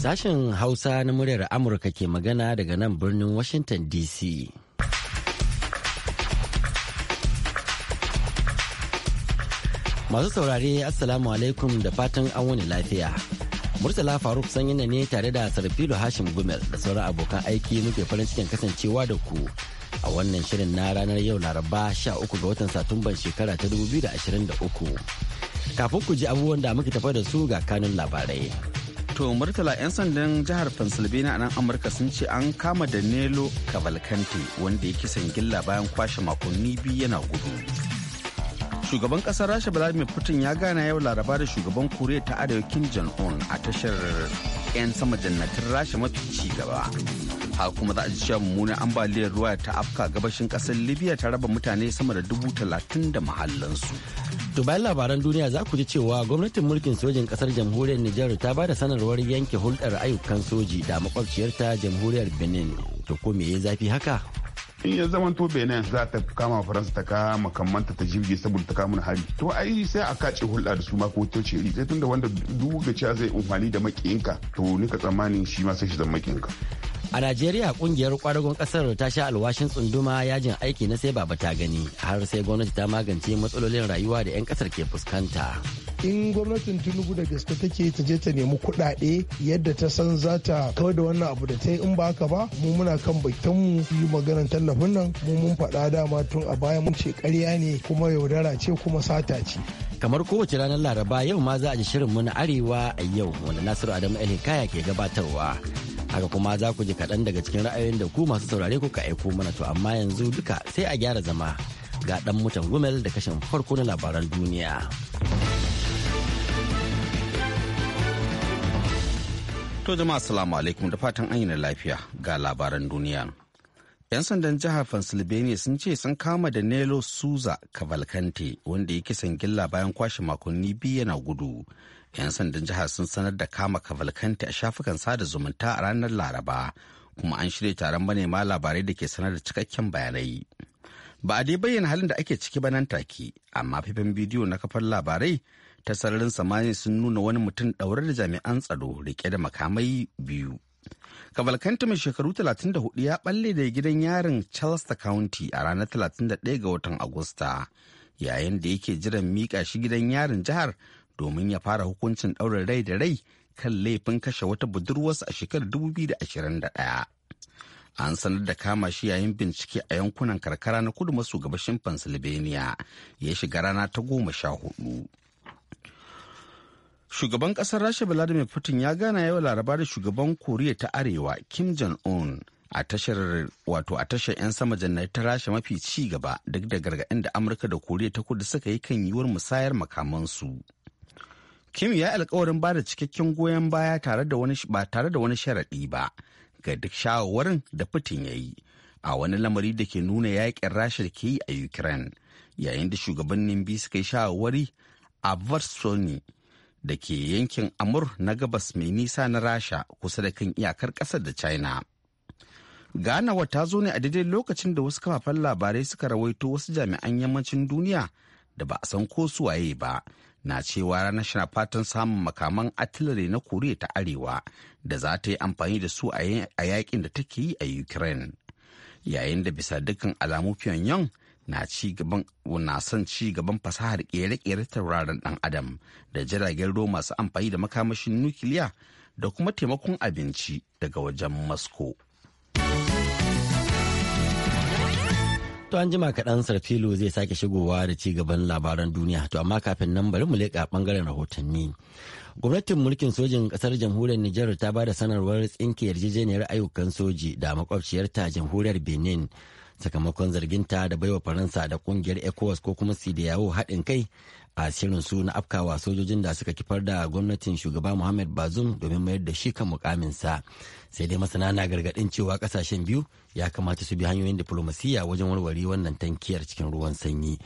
Sashen Hausa na muryar Amurka ke magana daga nan birnin Washington DC. Masu saurare Assalamu alaikum da fatan an wani lafiya. Murtala Faruk sanyina ne tare da Sarfilo Hashim Gumel da sauran abokan aiki muke farin cikin kasancewa da ku. a wannan shirin na ranar yau laraba 13 ga watan satumban shekara ta 2023 kafin ku ji abubuwan da muke tafa da su ga kanun labarai to murtala 'yan sandan jihar pennsylvania a nan amurka sun ce an kama da nelo cavalcante wanda ya kisan gilla bayan kwashe makonni biyu yana gudu shugaban kasar rasha vladimir putin ya gana yau laraba da shugaban koriya ta arewa kim jong-un a tashar 'yan sama jannatin rasha mafi ci gaba haka kuma za a ji cewa mummunan ambaliyar ruwa ta afka gabashin kasar libya ta raba mutane sama da dubu talatin da mahallansu To bayan labaran duniya za ku ji cewa gwamnatin mulkin sojin kasar jamhuriyar Nijar ta ba da sanarwar yanke hulɗar ayyukan soji da makwabciyarta jamhuriyar Benin. To ko me ya zafi haka? in ya zaman to benin za ta kama faransa ta kama kammanta ta jirgi saboda ta kama hari to ai sai a kace hulɗa da su ma ko ta ce sai tunda wanda duga cewa zai amfani da makiyinka to nika tsammanin shi ma sai shi zama makiyinka A Najeriya kungiyar kwadagon kasar ta sha alwashin tsunduma yajin aiki na sai baba ta gani har sai gwamnati ta magance matsalolin rayuwa da 'yan kasar ke fuskanta. In gwamnatin Tinubu da gaske take ta je ta nemi kuɗaɗe yadda ta san za ta kawar da wannan abu da ta yi in ba haka ba mu muna kan bakin mu yi maganar tallafin nan mu mun faɗa dama tun a baya mun ce ƙarya ne kuma yaudara ce kuma sata ce. kamar kowace ranar laraba yau ma za a ji shirin mu na arewa a yau wanda nasiru adamu el ke gabatarwa haka kuma za ku ji kaɗan daga cikin ra'ayoyin da ku masu saurare ka aiko mana to amma yanzu duka sai a gyara zama ga ɗan mutan gumel da kashin farko na labaran duniya. To jama'a salamu alaikum da fatan an yi na lafiya ga labaran duniya. 'Yan sandan jihar Pennsylvania sun ce sun kama da Nelo Souza Cavalcante wanda ya kisan gilla bayan kwashe makonni biyu yana gudu 'Yan sandan jihar sun sanar da kama kavalkanti a shafukan sada zumunta a ranar Laraba, kuma an shirya taron manema labarai da ke sanar da cikakken bayanai. Ba a dai bayyana halin da ake ciki ba nan take, amma faifan bidiyo na kafar labarai ta sararin samani sun nuna wani mutum ɗaure da jami'an tsaro rike da makamai biyu. kavalkanti mai shekaru 34 ya balle da gidan yarin Chelsea County a ranar 31 ga watan Agusta, yayin da yake jiran mika shi gidan yarin jihar domin ya fara hukuncin ɗaurin rai da rai kan laifin kashe wata budurwarsa a shekarar 2021. An sanar da kama shi yayin bincike a yankunan karkara na kudu maso gabashin Pennsylvania ya shiga rana ta goma sha hudu. Shugaban kasar Rasha Vladimir Putin ya gana yau laraba da shugaban Koriya ta Arewa Kim Jong-un a tashar wato a tashar 'yan sama janar ta Rasha mafi ci gaba duk da gargaɗin da Amurka da Koriya ta kudu suka yi kan yiwuwar musayar makamansu. Kim ya alkawarin ba da cikakken goyon baya tare da wani ba tare da wani sharaɗi ba ga duk shawarwarin da Putin ya yi a wani lamari da ke nuna yaƙin Rasha da ke yi a Ukraine yayin da shugabannin biyu suka yi shawarwari a Varsony da ke yankin Amur na gabas mai nisa na Rasha kusa da kan iyakar ƙasar da China. Ganawa ta zo ne a daidai lokacin da wasu kafafen labarai suka rawaito wasu jami'an yammacin duniya da ba a san ko su waye ba na cewa ranar na fatan samun makaman artillery na koriya ta arewa da za ta yi amfani da su a yakin da take yi a ukraine yayin da bisa dukkan alamu pyongyang na son ci gaban fasahar kere-kere tauraron dan adam da jiragen ruwa masu amfani da makamashin nukiliya da kuma taimakon abinci daga wajen moscow To an jima kaɗan Sarfilo zai sake shigowa da ci gaban labaran duniya to amma kafin nan bari mu leƙa ɓangaren rahotanni. Gwamnatin mulkin sojin ƙasar jamhuriyar Nijar ta ba da sanarwar tsinke yarjejeniyar ayyukan soji da makwabciyarta jamhuriyar Benin sakamakon zarginta da baiwa Faransa da ƙungiyar ECOWAS ko kuma Sidiyawo haɗin kai a shirin su na afkawa sojojin da suka kifar da gwamnatin shugaba muhammad bazum domin mayar da shi kan mukaminsa sai dai masana na gargadin cewa kasashen biyu ya kamata su bi hanyoyin diplomasiya wajen warware wannan tankiyar cikin ruwan sanyi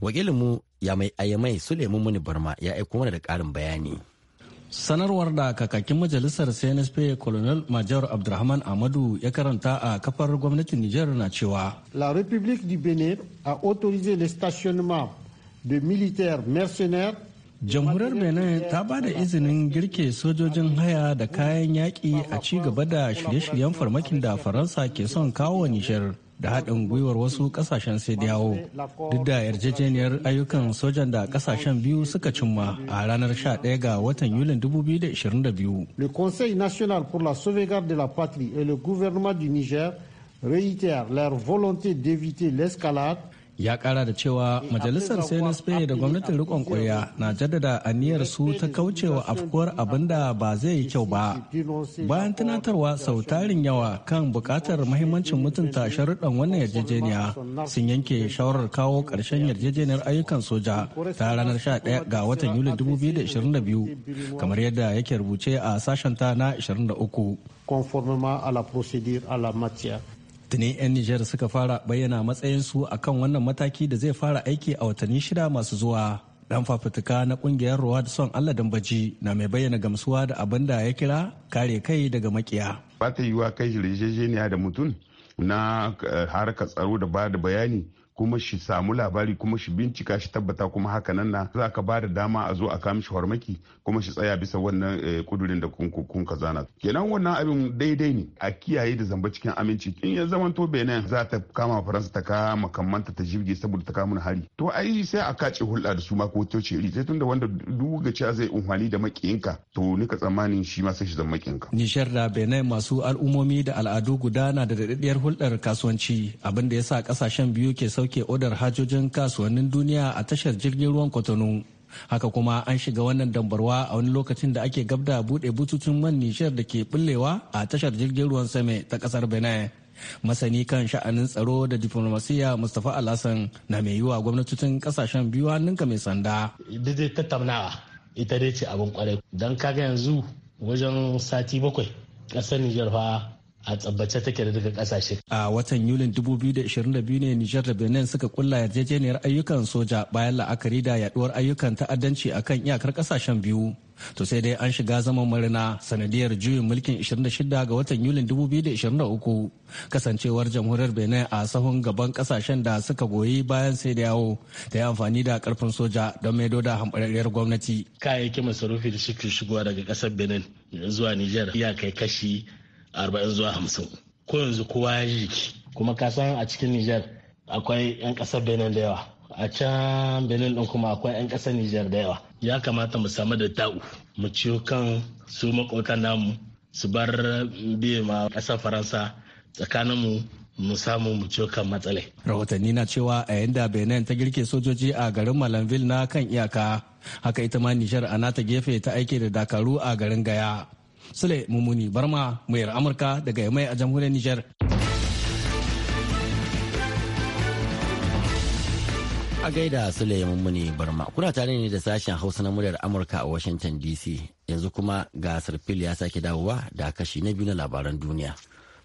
wakilin mu ya mai ayyamai suleiman muni barma ya aiko mana da karin bayani sanarwar da kakakin majalisar cnsp colonel major abdurrahman amadu ya karanta a kafar gwamnatin niger na cewa la republique du benin a autorisé le stationnement da militaire mercenaire jamhuriyar benin ta ba da izinin girke sojojin haya da kayan yaƙi a ci gaba da shirye-shiryen farmakin da faransa ke son kawo nishar da haɗin gwiwar wasu ƙasashen sai yawo duk da yarjejeniyar ayyukan sojan da ƙasashen biyu suka cimma a ranar 11 ga watan yulin 2022 le conseil national pour la sauvegarde de la patrie et le gouvernement du niger réitèrent leur volonté d'éviter l'escalade ya kara da cewa eh, majalisar na spain da gwamnatin rikon kwarya na jaddada aniyar su ta kaucewa afkuwar abin da ba zai yi kyau ba bayan tunatarwa sau tarin yawa kan bukatar mahimmancin mutunta sharuɗan wannan yarjejeniya sun yanke shawarar kawo ƙarshen yarjejeniyar ayyukan soja ta ranar 11 ga watan yuli 2022 kamar yadda yake rubuce a sashen ta na 23 conformément à tuni 'yan nijar suka fara bayyana matsayinsu akan wannan mataki da zai fara aiki a watanni shida masu zuwa dan fafutuka na kungiyar ruwa da son allah dambaji na mai bayyana gamsuwa da abin da ya kira kare kai daga makiya ba ta yiwuwa kai yarjejeniya da mutum na eh, harkar tsaro da ba da bayani kuma shi samu labari kuma shi bincika shi tabbata kuma hakanan nan na za ka ba da dama a zo a kama shi farmaki kuma shi tsaya bisa wannan eh, kudurin da kun ka zana kenan wannan abin daidai ne a kiyaye da zamba cikin aminci in ya zama to benin za ta kama faransa ta kama kammanta ta jirgi saboda ta kama hari to ai sai a kace hulɗa da su ma ko toce iri sai tunda wanda duga cewa zai umfani da makiyinka to nika tsammanin shi ma sai shi zama makiyinka nishar da benin masu al'ummomi da al'adu gudana da daɗaɗɗiyar hulɗar kasuwanci abinda da ya sa ƙasashen biyu ke sauki soke odar hajojin kasuwannin duniya a tashar jirgin ruwan kwatano haka kuma an shiga wannan dambarwa a wani lokacin da ake gabda buɗe bututun man nishar da ke bullewa a tashar jirgin ruwan sama ta kasar benin masani kan sha'anin tsaro da diplomasiya mustapha alhassan na mai yiwa gwamnatocin kasashen biyu hannunka mai sanda daidai tattaunawa ita dai ce abin kwarai don kaga yanzu wajen sati bakwai kasar nijar fa a tsabbace take da duka kasashe. A watan Yulin 2022 ne Nijar da Benin suka kulla yarjejeniyar ayyukan soja bayan la'akari da yaduwar ayyukan ta'addanci akan iyakar kasashen biyu. To sai dai an shiga zaman marina sanadiyar juyin mulkin 26 ga watan Yulin 2023 kasancewar jamhuriyar Benin a sahun gaban kasashen da suka goyi bayan sai da yawo ta yi amfani da karfin soja don maido da hamɓararriyar gwamnati. Kayayyakin masarufi da suke shigowa daga ƙasar Benin zuwa Nijar ya kai kashi arba'in zuwa hamsin ko yanzu kowa ya jiki kuma ka san a cikin nijar akwai 'yan ƙasar benin da yawa a can benin ɗin kuma akwai 'yan ƙasar nijar da yawa ya kamata mu samu da ta'u mu ciyo kan su namu su bar biye ma ƙasar faransa tsakanin mu samu mu kan matsale. Rahotanni na cewa a yanda Benin ta girke sojoji a garin Malanville na kan iyaka, haka ita ma Nijar a nata gefe ta aike da dakaru a garin Gaya. Sule Mumuni Barma, muryar Amurka daga Yamai a jamhuriyar Nijar. A gaida Sule Mumuni Barma, kuna tare ne da sashen Hausa na muryar Amurka a Washington DC. Yanzu kuma ga Sarfil ya sake dawowa da kashi na biyu na labaran duniya.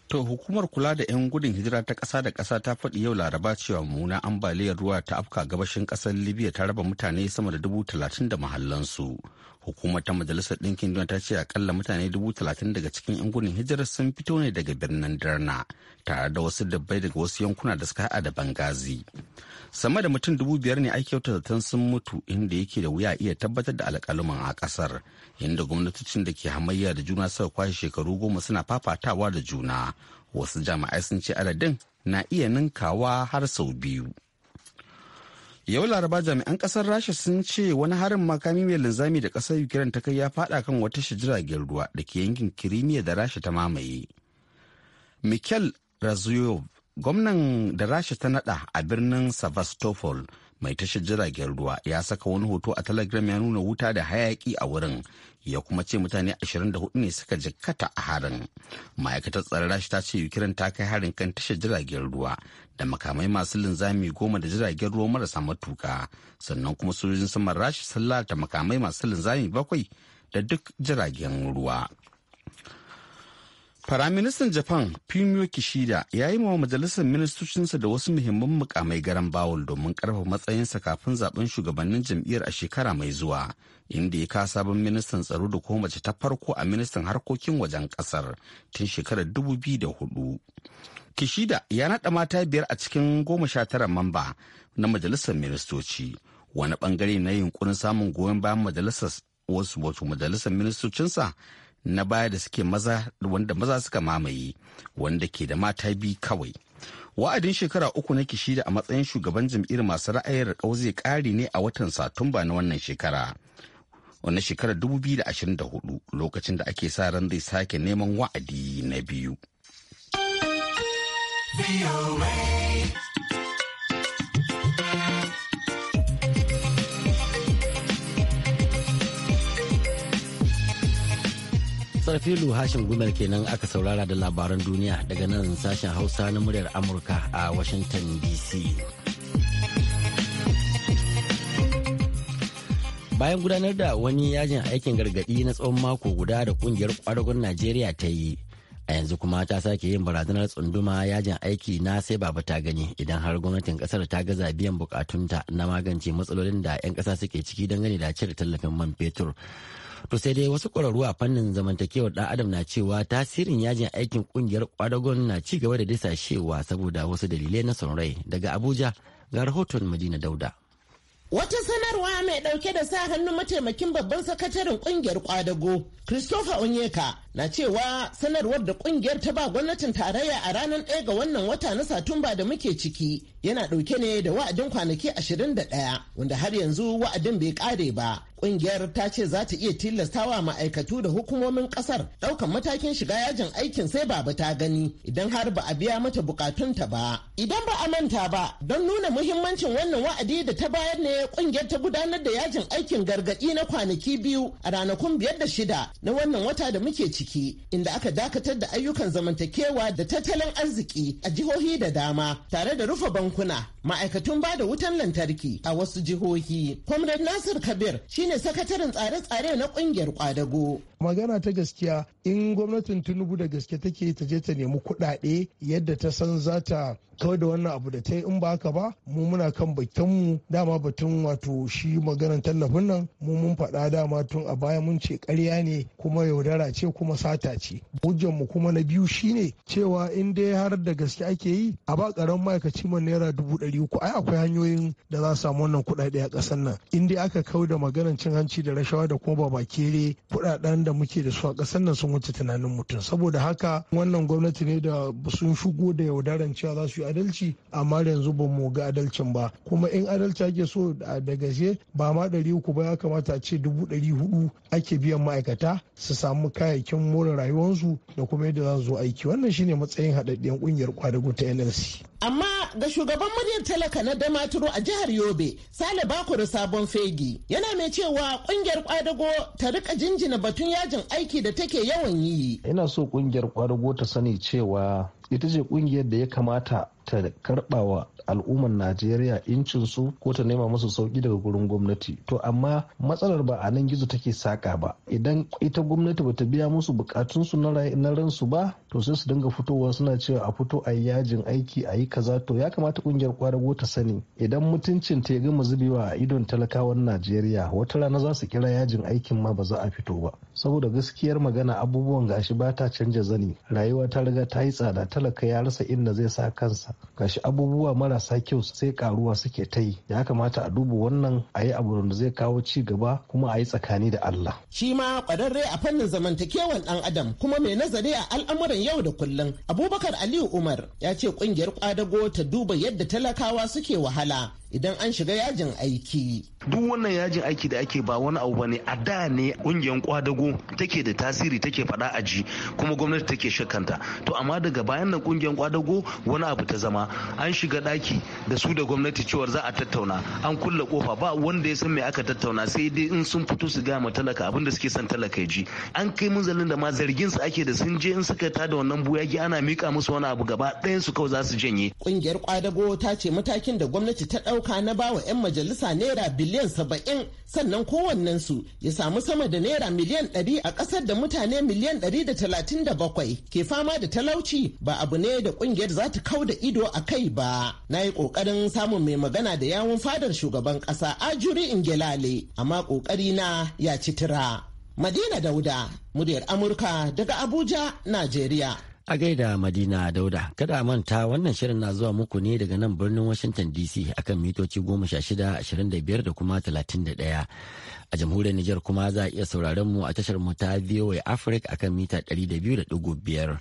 To hukumar kula da 'yan gudun hijira ta ƙasa da ƙasa ta faɗi yau laraba cewa muna ambaliyar ruwa ta afka gabashin ƙasar Libya ta raba mutane sama da dubu talatin da mahallansu hukumar ta majalisar ɗinkin duniya ta ce akalla mutane dubu talatin daga cikin 'yan gudun hijirar sun fito ne daga birnin darna tare da wasu dabbai daga wasu yankuna da suka haɗa da bangazi sama da mutum dubu biyar ne ake yauta zaton sun mutu inda yake da wuya iya tabbatar da alƙaluman a ƙasar inda gwamnatocin da ke hamayya da juna suka kwashe shekaru goma suna fafatawa da juna wasu jami'ai sun ce adadin na iya ninkawa har sau biyu. yau laraba jami'an kasar rasha sun ce wani harin makami mai linzami da kasar ukraine ta kai ya fada kan wata jiragen ruwa da ke yankin kirimiya da rasha ta mamaye mikel razuyov gwamnan da rasha ta nada a birnin sevastopol mai tashar jiragen ruwa ya saka wani hoto a telegram ya nuna wuta da hayaki a wurin ya kuma ce mutane 24 ne suka jikkata a harin ma'aikatar tsaron rashi ta ce yukirin ta kai harin kan tashar jiragen ruwa da makamai masu linzami goma da jiragen ruwa marasa matuka sannan kuma sojojin saman rashi sun makamai masu linzami bakwai da duk jiragen ruwa Firaministan Japan Fumio Kishida ya yi wa majalisar ministocinsa da wasu muhimman mukamai garan bawul domin karfafa matsayinsa kafin zaben shugabannin jam'iyyar a shekara mai zuwa, inda ya kasa sabon ministan tsaro da kuma mace ta farko a ministan harkokin wajen kasar tun shekarar 2004. Kishida ya naɗa mata biyar a cikin goma sha tara mamba na majalisar ministoci, wani ɓangare na yunkurin samun goyon bayan majalisar wasu wato majalisar ministocinsa na baya da suke maza wanda maza suka mamaye wanda ke da mata biyu kawai wa'adin shekara uku na kishida a matsayin shugaban jam'iyyar masu ra'ayin rikau zai kare ne a watan satumba na wannan shekara wannan shekarar 2024 lokacin da ake sa ran zai sake neman wa'adi na biyu. sarfilu hashin gumel kenan aka saurara da labaran duniya daga nan sashen hausa na muryar amurka a washington dc bayan gudanar da wani yajin aikin gargadi na tsawon mako guda da kungiyar kwadagon najeriya ta yi a yanzu kuma ta sake yin barazanar tsunduma yajin aiki na sai baba ta gani idan har gwamnatin kasar ta gaza biyan bukatunta na magance matsalolin da 'yan kasa suke ciki dangane da cire tallafin man fetur To sai dai wasu ƙwararru a fannin zamantakewar ɗan adam na cewa tasirin yajin aikin ƙungiyar ƙwadagon na ci gaba da dasashewa saboda wasu dalilai na son rai daga Abuja ga rahoton Madina Dauda. Wata sanarwa mai ɗauke da sa hannun mataimakin babban sakataren ƙungiyar kwadago Christopher Onyeka na cewa sanarwar da kungiyar ta ba gwamnatin tarayya a ranar 1 ga wannan wata na satumba da muke ciki yana dauke ne da wa'adin kwanaki 21 wanda har yanzu wa'adin bai kare ba kungiyar ta ce za ta iya tilastawa ma'aikatu da hukumomin kasar daukan matakin shiga yajin aikin sai ba ta gani idan har ba a biya mata bukatunta ba idan ba a manta ba don nuna muhimmancin wannan wa'adi da ta bayar ne kungiyar ta gudanar da yajin aikin gargadi na kwanaki biyu a ranakun biyar da shida na wannan wata da muke ciki ciki inda aka dakatar da ayyukan zamantakewa da tattalin arziki a jihohi da dama tare da rufe bankuna ma'aikatun ba da wutan lantarki a wasu jihohi. Comrade Nasir Kabir shine sakataren tsare-tsare na kungiyar kwadago. Magana ta gaskiya in gwamnatin tinubu da gaske take ta je ta nemi kuɗaɗe yadda ta san za ta da wannan abu da ta yi in ba haka ba mu muna kan mu dama batun wato shi maganar tallafin nan mu mun faɗa dama tun a baya mun ce karya ne kuma yaudara ce kuma sata ce mu kuma na biyu shine cewa in dai har da gaske ake yi a ba ƙaran ma'aikaci man naira dubu ɗari uku ai akwai hanyoyin da za su samu wannan kuɗaɗe a ƙasar nan in dai aka kau da maganar cin hanci da rashawa da kuma babakere kuɗaɗen da muke da su a ƙasar nan sun wuce tunanin mutum saboda haka wannan gwamnati ne da sun shigo da yaudaran cewa za su yi adalci amma yanzu ba mu ga adalcin ba kuma in adalci ake so da gaje ba ma ɗari uku ba ya kamata a ce dubu ɗari hudu ake biyan ma'aikata su samu kayayyakin more rayuwarsu da kuma yadda za su zo aiki wannan shine matsayin haɗaɗɗen ƙungiyar kwadago ta nlc amma ga shugaban muryar talaka na damaturu a jihar yobe sale da sabon fegi yana mai cewa ƙungiyar kwadago ta rika jinjina batun yajin aiki da take yawan yawan yi ina so kungiyar kwadago ta sani cewa ita ce kungiyar da ya kamata ta karbawa al'ummar najeriya incin su ko ta nema musu sauki daga gurin gwamnati to amma matsalar ba a nan gizo take saka ba idan ita gwamnati ba ta biya musu su na ransu ba to sai su dinga fitowa suna cewa a fito a yajin aiki a yi kaza to ya kamata kungiyar kwadago ta sani idan mutuncin ta ya gama zubewa a idon talakawan najeriya wata rana za su kira yajin aikin ma ba za a fito ba saboda gaskiyar magana abubuwan gashi ba ta canja zani rayuwa ta riga ta yi tsada talaka ya rasa inda zai sa kansa gashi abubuwa mara marasa kyau sai karuwa suke ta yi ya kamata a duba wannan a yi abu da zai kawo ci gaba kuma a yi tsakani da Allah. Shi ma kwararre a fannin zamantakewan dan adam kuma mai nazari a al'amuran yau da kullum Abubakar Aliyu Umar ya ce kungiyar kwadago ta duba yadda talakawa suke wahala idan an shiga yajin aiki. Duk wannan yajin aiki da ake ba wani abu bane a da ne ƙungiyar kwadago take da tasiri take faɗa a ji kuma gwamnati take shakanta. To amma daga bayan nan kungiyar kwadago wani abu ta zama an shiga ɗaki da su da gwamnati cewar za a tattauna an kulle kofa ba wanda ya san me aka tattauna sai dai in sun fito su gama talaka abin da suke son talaka ya ji. An kai munzalin da ma zargin su ake da sun je in suka da wannan buyagi ana mika musu wani abu gaba ɗayan su kawai za su janye. Kungiyar kwadago ta ce matakin da gwamnati ta ɗauka ɗauka na bawa 'yan majalisa naira biliyan saba'in sannan kowannensu ya samu sama da naira miliyan ɗari a ƙasar da mutane miliyan ɗari da talatin da bakwai ke fama da talauci ba abu ne da ƙungiyar za ta kau da ido a kai ba na yi ƙoƙarin samun mai magana da yawun fadar shugaban ƙasa a ajuri ingilale amma ƙoƙari na ya ci tira madina dauda muryar amurka daga abuja najeriya A gaida Madina Dauda, kada manta wannan shirin na zuwa muku ne daga nan birnin Washington DC akan mitoci goma shida, ashirin da kuma 31. A jamhuriyar Nijar kuma za a iya sauraron mu a tashar mu ta VOA Africa akan mita ɗari da da biyar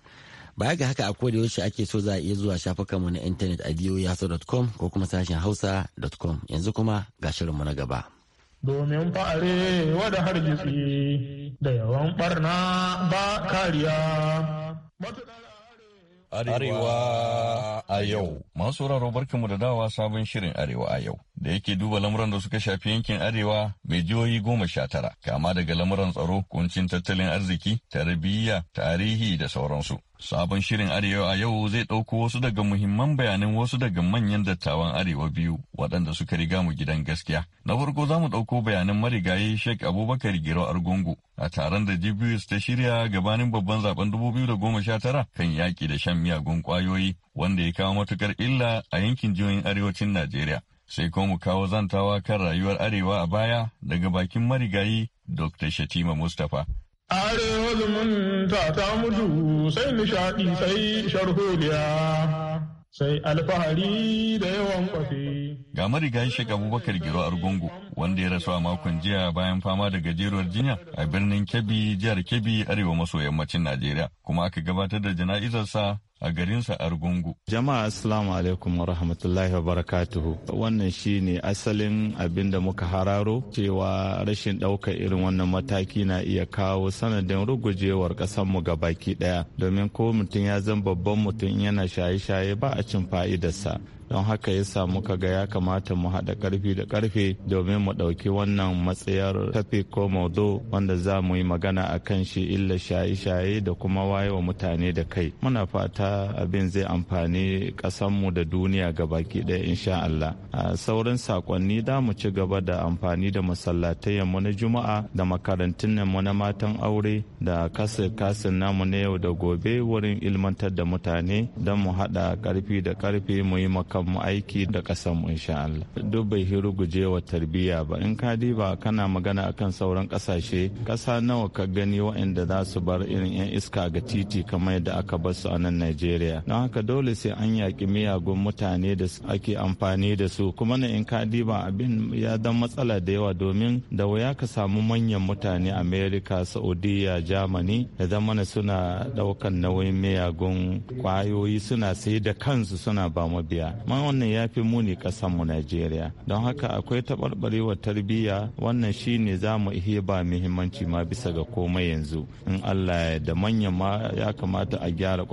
Baya ga haka a koda yaushe ake so za a iya zuwa shafukan mu na intanet a voahausa.com ko kuma sashen hausa.com. Yanzu kuma ga shirin mu na gaba. domin fa'are da hargitsi da yawan barna ba kariya. Arewa a yau. Masu sauraro barkinmu da dawa sabon shirin Arewa a yau da yake duba lamuran da suka shafi yankin Arewa mai jihohi goma sha tara kama daga lamuran tsaro, kuncin tattalin arziki, tarbiyya, tarihi da sauransu. Sabon shirin Arewa a yau zai ɗauko wasu daga muhimman bayanan wasu daga manyan dattawan Arewa biyu waɗanda suka riga mu gidan gaskiya. Na farko za mu ɗauko bayanan marigayi Sheikh Abubakar Giro Argungu a taron da GBS ta shirya gabanin babban zaben 2019 kan yaƙi da shan miyagun ƙwayoyi wanda ya kawo matuƙar illa a yankin jihohin arewacin Najeriya. Sai kuma mu kawo zantawa kan rayuwar Arewa a baya daga bakin marigayi Dr. Shatima Mustapha. are zumunta ta mutu sai nishaɗi sai sharholiya sai alfahari da yawan kwafe. Ga marigayi Sheikh Abubakar Giro Argungu wanda ya rasu a makon jiya bayan fama da gajeruwar jinya a birnin Kebbi jihar Kebbi arewa maso yammacin Najeriya kuma aka gabatar da jana'izarsa a garinsa Argungu. Jama'a Assalamu alaikum wa rahmatullahi wa barakatuhu. Wannan shi ne asalin abin da muka hararo cewa rashin ɗaukar irin wannan mataki na iya kawo sanadin rugujewar mu ga baki ɗaya. Domin ko mutum ya zan babban mutum yana shaye-shaye ba a cin fa'idarsa. don haka ya samu kaga ya kamata mu haɗa ƙarfi da ƙarfe domin mu ɗauki wannan matsayar tafi ko maudo wanda za mu yi magana a kan shi illa shaye-shaye da kuma wayewa mutane da kai muna fata abin zai amfani ƙasanmu da duniya ga baki ɗaya insha Allah sauran sakonni da mu ci gaba da amfani da masallatayen mu na juma'a da makarantun mu na matan aure da kasir kasin namu na yau da gobe wurin ilmantar da mutane don mu haɗa ƙarfi da ƙarfe mu yi kanmu aiki da mu insha Allah duk bai hiruguje wa tarbiyya ba in ka diba kana magana akan sauran kasashe ƙasa nawa ka gani waɗanda za su bar irin 'yan iska ga titi kamar yadda aka bar su a nan Najeriya don haka dole sai an yaƙi miyagun mutane da ake amfani da su kuma na in ka diba abin ya dan matsala da yawa domin da waya ka samu manyan mutane Amerika Saudiya Germany da na suna ɗaukan nauyin miyagun kwayoyi suna sai da kansu suna ba biya. amma wannan ya fi muni mu najeriya don haka akwai taɓarɓarewa tarbiyya wannan shine za mu iya ba muhimmanci ma bisa ga komai yanzu in allah ya da manya ma ya kamata a gyara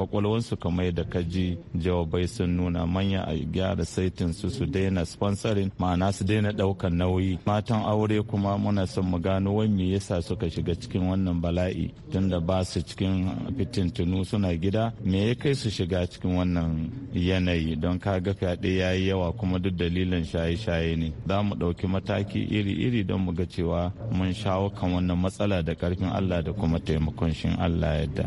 su kamar da kaji jawabai sun nuna manya a gyara saitin su su daina sponsorin ma'ana su daina ɗaukan nauyi matan aure kuma muna son mu gano wai me yasa suka shiga cikin wannan bala'i tunda ba su cikin fitintunu suna gida me ya kai su shiga cikin wannan yanayi don ka ga fyaɗe ya yi yawa kuma duk dalilin shaye-shaye ne za mu ɗauki mataki iri-iri don mu ga cewa mun shawo kan wannan matsala da ƙarfin allah da kuma taimakon shin allah yadda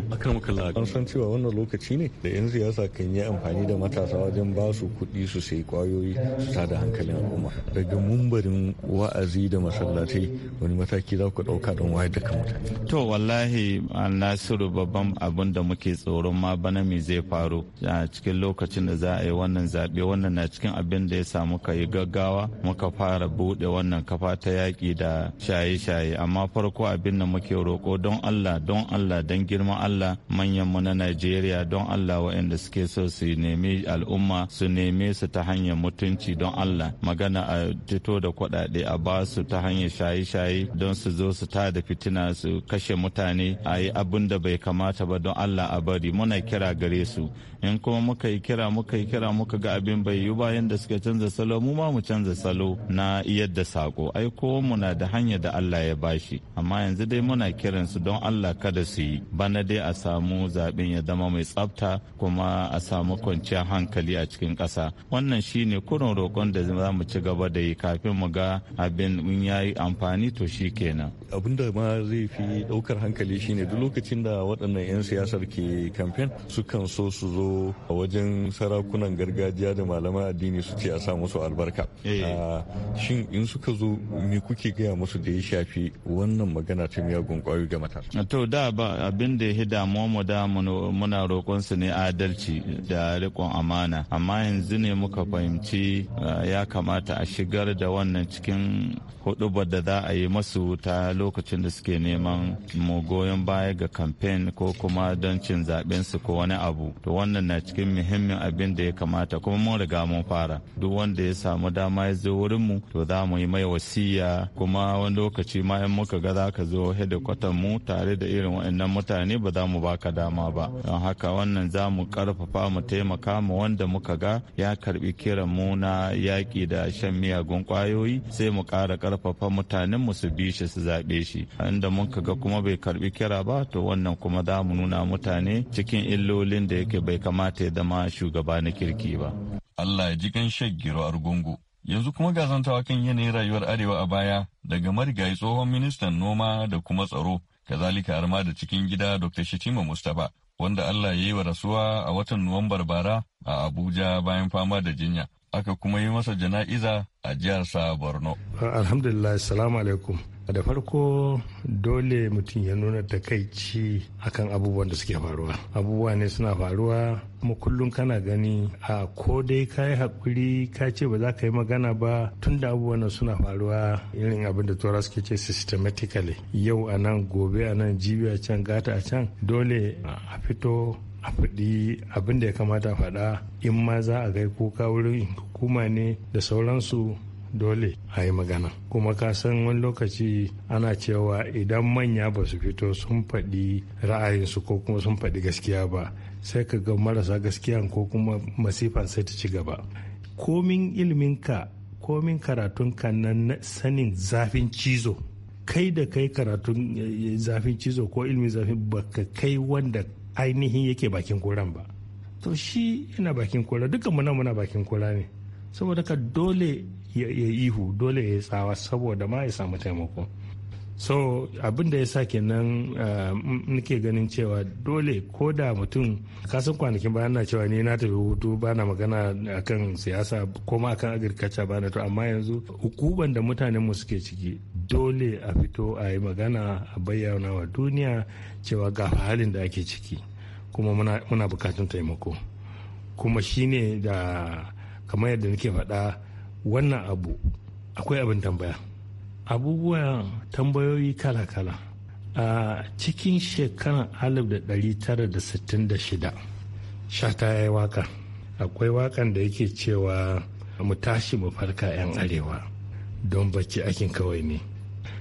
an san cewa wannan lokaci ne da 'yan siyasa kan yi amfani da matasa wajen ba su kuɗi su sayi kwayoyi su da hankalin al'umma daga mumbarin wa'azi da masallatai wani mataki za ku ɗauka don wayar da kan mutane to wallahi nasiru babban abin da muke tsoron ma bana me zai faru a cikin lokacin da za a yi wannan zaɓe wannan na cikin abin da ya samu muka yi gaggawa muka fara bude wannan kafa ta yaƙi da shaye-shaye amma farko abin da muke roƙo don Allah don Allah don girma Allah manyan mu na Najeriya don Allah waɗanda suke so su nemi al'umma su neme su ta hanyar mutunci don Allah magana a fito da kuɗaɗe a ba su ta hanyar shaye-shaye don su zo su ta da fitina su kashe mutane a yi abin da bai kamata ba don Allah a bari muna kira gare su in kuma muka yi kira muka yi kira muka ga abin abin bai yi ba suka canza salo mu ma mu canza salo na yadda sako ai mu na da hanya da Allah ya bashi amma yanzu dai muna kiran su don Allah kada su yi bana dai a samu zaben ya zama mai tsafta kuma a samu kwanciyar hankali a cikin kasa wannan shine kurin roƙon da za mu ci gaba da yi kafin mu ga abin in yi amfani to shi kenan abin da ma zai fi ɗaukar hankali shine duk lokacin da waɗannan 'yan siyasar ke kamfen sukan so su zo a wajen sarakunan gargajiya da da malaman addini su ce a sa musu albarka eh. ah, shin in suka zo me kuke gaya musu da ya shafi wannan magana ta miyagun kwayo ga A ah, to da ba abin da ya hida mu da muna roƙon su ne adalci da rikon amana amma yanzu ne muka fahimci ah, ya kamata a shigar da wannan cikin hudubar da za a yi masu ta lokacin da suke neman mu goyon baya ga kamfen ko kuma don cin zaɓen su ko wani abu to wannan na cikin muhimmin abin da ya kamata kuma mun riga mun fara duk wanda ya samu dama ya zo wurin mu to za mu yi mai wasiya kuma wani lokaci ma in muka ga za ka zo hedikwatan mu tare da irin waɗannan mutane ba za mu baka dama ba don haka wannan za mu karfafa mu taimaka mu wanda muka ga ya karbi kiran mu na yaƙi da shan miyagun kwayoyi sai mu ƙara karfafa mutanen mu su bi shi su zaɓe shi inda muka ga kuma bai karbi kira ba to wannan kuma za mu nuna mutane cikin illolin da yake bai kamata ya zama shugaba na kirki ba Allah ya ji kan shaggiro argungu. Yanzu kuma ga kan yanayin rayuwar Arewa a baya daga marigayi tsohon ministan noma da kuma tsaro, kazalika arma da cikin gida Dr. Shatima Mustapha, wanda Allah ya yi wa rasuwa a watan Nuwambar bara a Abuja bayan fama da jinya. Aka kuma yi masa jana'iza a jihar Borno. Alhamdulillah, salamu alaikum. A da farko dole mutum ya nuna takaici akan abubuwan da suke faruwa abubuwa ne suna faruwa kuma kullum kana gani a ko dai ka yi haƙuri ka ce ba za ka yi magana ba tun da abubuwan nan suna faruwa irin abin da tura suke ce systematically yau a nan gobe a nan jibi a can gata a can dole a fito a faɗi abin da ya kamata faɗa in ma za a gai kuka wurin hukuma ne da sauransu dole a yi magana kuma ka san wani lokaci ana cewa idan manya ba su fito sun faɗi ra'ayinsu ko kuma sun faɗi gaskiya ba sai ka ga marasa gaskiya ko kuma masifan sai ta ci gaba komin ilminka komin karatunka na sanin zafin cizo kai da kai karatun eh, eh, zafin cizo ko ilmin zafin baka kai wanda ainihin yake bakin koran ba to shi yana bakin kora duka muna muna bakin kora ne saboda ka dole ya ihu dole ya tsawa saboda ma ya samu taimako so abin da ya sa kenan eh, nake ganin cewa dole ko da mutum kasan kwanakin bayan na cewa ni na tafi hutu ba na magana akan siyasa ko ma akan agirkaca ba na to amma yanzu hukuban da mutanenmu suke ciki dole a fito a yi magana a bayyana wa duniya cewa ga halin da ake ciki kuma muna bukatun taimako kuma shine da kamar yadda nake faɗa wannan abu akwai abin tambaya abubuwan tambayoyi kala-kala a cikin shekarar 1966 shata ya yi waka akwai wakan da yake cewa mu tashi mu farka 'yan arewa don bacci akin kawai ne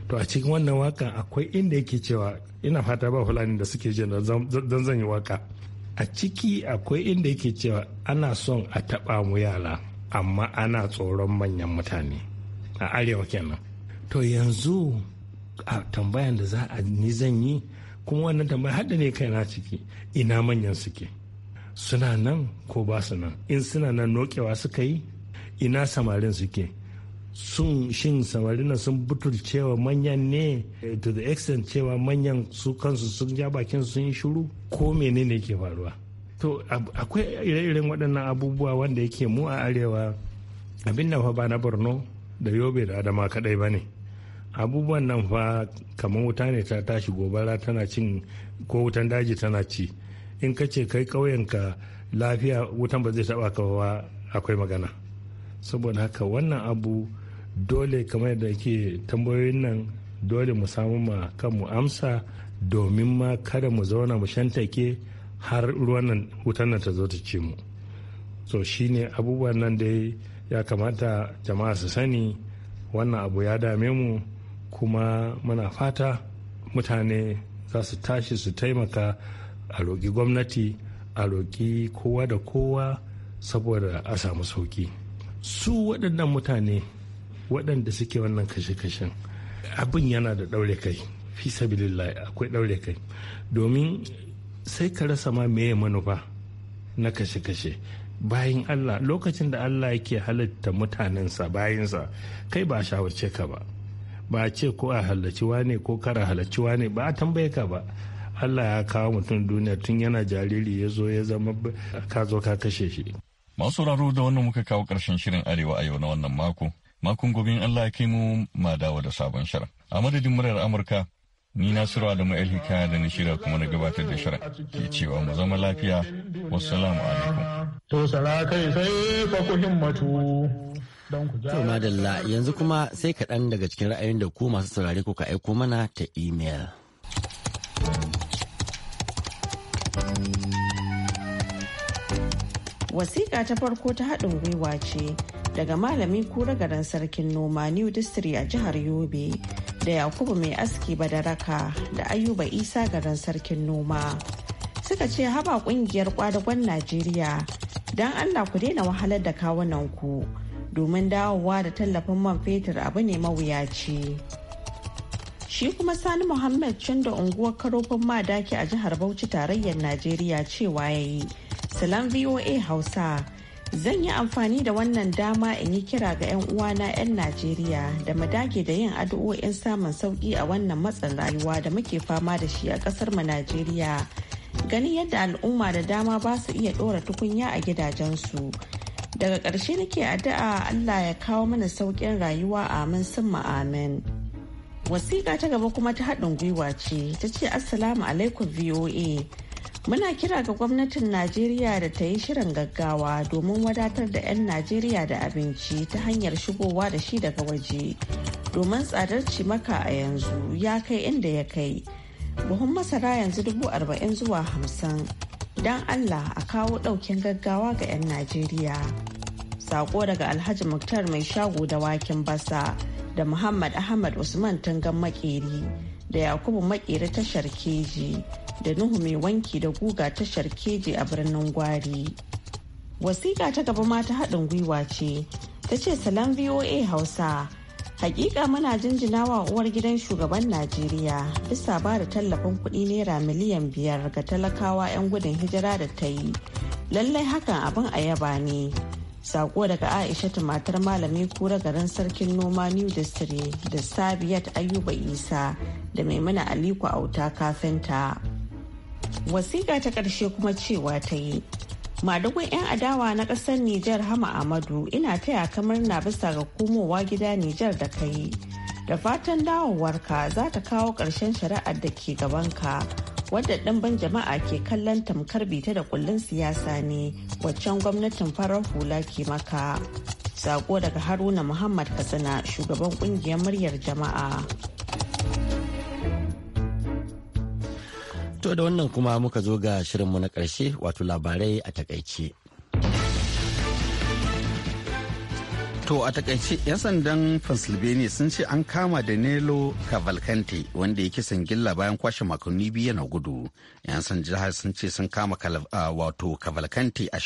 to a cikin wannan wakan akwai inda yake cewa ina fata ba fulani da suke jin don zan yi waka a ciki akwai inda yake cewa ana son a taɓa mu yala. amma ana tsoron manyan mutane a arewa kenan to yanzu a tambayan da za a ni zan yi kuma wannan tambaya hada ne kaina ciki ina manyan suke suna nan ko ba su nan in suna nan nokewa suka yi ina samarin suke sun shin samarin nan sun cewa manyan ne to the extent cewa manyan su kansu sun ja bakin sun yi shiru ko menene ke faruwa to akwai ire-iren waɗannan abubuwa wanda yake mu a arewa abin nan fa ba na borno da yobe da adama kaɗai ba ne abubuwan nan fa kamar wuta ne ta tashi gobara tana cin ko wutan daji tana ci in ka ce kai ƙauyenka lafiya wutan ba zai taɓa ka ba akwai magana saboda haka wannan abu dole kamar yadda ke tambayoyin nan dole mu samu ma kanmu amsa domin ma kada mu zauna mu shantake har ruwan nan wutan nan ta zo ta ce mu so ne abubuwan nan dai ya kamata jama'a su sani wannan abu ya dame mu kuma muna fata mutane za su tashi su taimaka a roƙi gwamnati a roƙi kowa da kowa saboda a samu sauƙi su waɗannan mutane waɗanda suke wannan kashe-kashen abin yana da ɗaure kai fi sabilillah akwai ɗaure kai domin sai ka rasa ma meye manufa na kashe-kashe bayan allah lokacin da allah yake halitta mutanensa bayansa kai ba shawarce ka ba ba a ce ko a halarci wane ko kara halarci wane ba a tambaye ka ba allah ya kawo mutum duniya tun yana jariri ya zo ya zama ka zo ka kashe shi masu sauraro da wannan muka kawo karshen shirin arewa a yau na wannan mako makon gobe allah ya kai mu ma dawo da sabon shirin a madadin muryar amurka Ni Nasiru Adamu El Hikaya da nishira shirya kuma na gabatar da shirin ke cewa mu zama lafiya. Wassalamu alaikum. To kai sai fa ku himmatu. To madalla yanzu kuma sai kaɗan daga cikin ra'ayin da ku masu saurare ka aiko mana ta imel. Wasiƙa ta farko ta haɗin gwiwa ce daga malami kura garin sarkin noma New District a jihar Yobe da yakubu mai aski ba da raka da ayuba isa garin sarkin noma suka ce haba kungiyar kwadagon najeriya don allah ku daina wahalar da kawunan ku domin dawowa da tallafin man fetur abu ne mawuyaci shi kuma sani muhammad cin da unguwar karofin madaki a jihar bauchi tarayyar najeriya cewa ya yi salam voa hausa Zan yi amfani da wannan dama in yi kira ga 'yan uwana 'yan Najeriya da mu dage da yin addu'o'in samun sauƙi a wannan matsin rayuwa da muke fama da shi a ƙasar mu Najeriya. Ganin yadda al'umma da dama ba su iya ɗora tukunya a gidajensu. Daga ƙarshe nake addu'a Allah ya kawo mana sauƙin rayuwa amin summa amin. Wasiƙa ta gaba kuma ta haɗin gwiwa ce ta ce Assalamu alaikum VOA. Muna kira ga gwamnatin Najeriya da ta yi shirin gaggawa domin wadatar da 'yan Najeriya da abinci ta hanyar shigowa da shi daga waje. Domin tsadar cimaka a yanzu ya kai inda ya kai. Buhun masara yanzu dubu arba'in zuwa hamsin. Don Allah a kawo ɗaukin gaggawa ga 'yan Najeriya. Sako daga Alhaji Muktar mai shago da waken basa da Muhammad Ahmad Usman Tangan Makeri da Yakubu Makeri tashar Keji. da Nuhu mai wanki da guga tashar keji a birnin Gwari. Wasiƙa ta gaba mata haɗin gwiwa ce, ta ce salam VOA Hausa. Hakika muna jinjinawa uwar gidan shugaban Najeriya bisa ba da tallafin kuɗi naira miliyan biyar ga talakawa 'yan gudun hijira da ta yi. Lallai hakan abin a yaba ne. sako daga aisha matar malami kura garin sarkin noma new district da sabiyat ayuba isa da maimuna aliko auta kafinta wasiƙa ta ƙarshe kuma cewa ta yi madugun 'yan adawa na ƙasar nijar hama amadu ina taya kamar na bisa ga komowa gida nijar da ka yi da fatan dawowarka za ta kawo ƙarshen shari'ar da ke gabanka wadda ɗanban jama'a ke kallon tamkar bita da kullun siyasa ne waccan gwamnatin farar hula ke maka sako daga haruna muhammad katsina shugaban ƙungiyar muryar jama'a To da wannan kuma muka zo ga shirinmu na ƙarshe wato labarai a takaice. To a takaice 'yan sandan Pennsylvania sun ce an kama Danilo Cavalcante wanda ya kisan gilla bayan kwashe makonni biyu na gudu. 'Yan sandan jihar sun ce sun kama wato Cavalcante a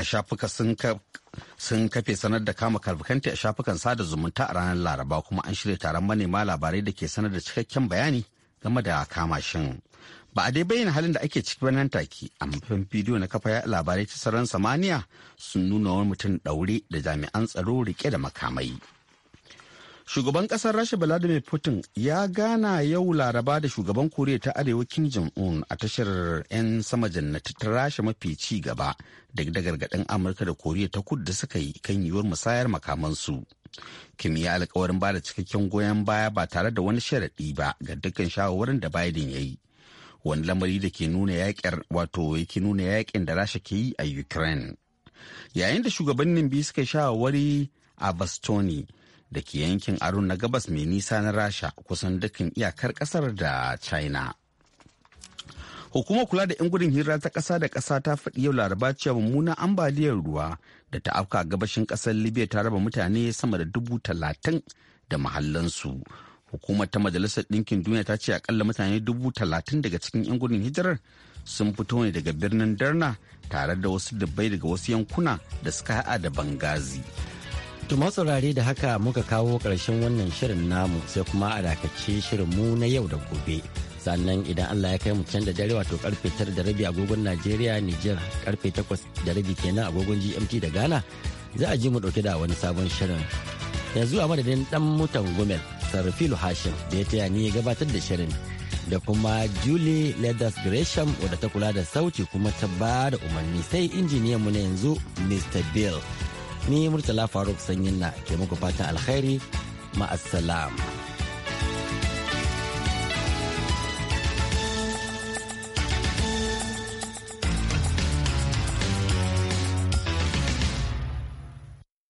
a shafuka sun kafe sanar da kama Cavalcante a shafukan sada zumunta a ranar Laraba kuma an shirya taron manema labarai da ke sanar da cikakken bayani game da kama shin. ba a dai bayyana halin da ake ciki ba nan take a mafin bidiyo na kafa labarai ta sararin samaniya sun nuna wani mutum daure da jami'an tsaro rike da makamai shugaban kasar rasha vladimir putin ya gana yau laraba da shugaban koriya ta arewa kim jong un a tashar 'yan sama jannati ta rasha mafi ci gaba duk da gargaɗin amurka da koriya ta kudu da suka yi kan yiwuwar musayar makamansu kim ya alkawarin ba da cikakken goyon baya ba tare da wani sharaɗi ba ga dukkan shawarwarin da biden ya yi wani lamari da ke nuna yaƙin wato yake nuna yaƙin da rasha ke yi a ukraine yayin da shugabannin biyu suka sha wari a bastoni da ke yankin arun na gabas mai nisa na rasha kusan dukkan iyakar kasar da china hukumar kula da 'yan gudun hira ta ƙasa da ƙasa ta faɗi yau laraba cewa mummunan ambaliyar ruwa da ta afka gabashin ƙasar libya ta raba mutane sama da dubu talatin da mahallansu hukumar ta majalisar ɗinkin duniya ta ce akalla mutane dubu talatin daga cikin 'yan gudun hijirar sun fito ne daga birnin darna tare da wasu dabbai daga wasu yankuna da suka haɗa da bangazi tuma saurare da haka muka kawo karshen wannan shirin namu sai kuma a dakace shirin mu na yau da gobe sannan idan allah ya kai mu can da dare wato karfe tara da rabi agogon najeriya niger karfe takwas da rabi kenan agogon gmt da ghana za a ji mu ɗauke da wani sabon shirin yanzu a madadin dan mutan gumel sarfilu hashim da ya taya ni gabatar da shirin da kuma julie leathers gresham wadda ta kula da sauti kuma ta ba da umarni sai injiniyan mu na yanzu mr bill ni murtala faruk sanyin na ke muku fatan alkhairi ma'assalam.